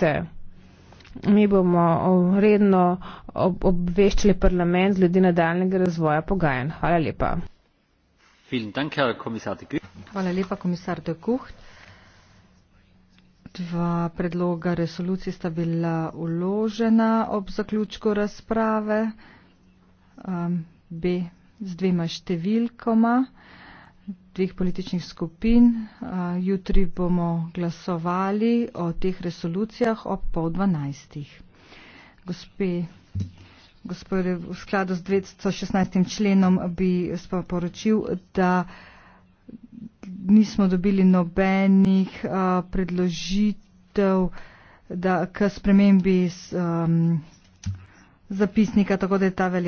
sice. Mi bomo redno obveščali parlament glede nadaljnega razvoja pogajan. Hvala lepa. Dank, Hvala lepa, komisar De Kuht. Dva predloga resolucij sta bila uložena ob zaključku razprave. Um, B z dvema številkoma dveh političnih skupin. Jutri bomo glasovali o teh resolucijah ob pol dvanajstih. Gospe, gospode, v skladu s 216. členom bi sporočil, da nismo dobili nobenih predložitev da, k spremembi z, um, zapisnika, tako da je ta velja.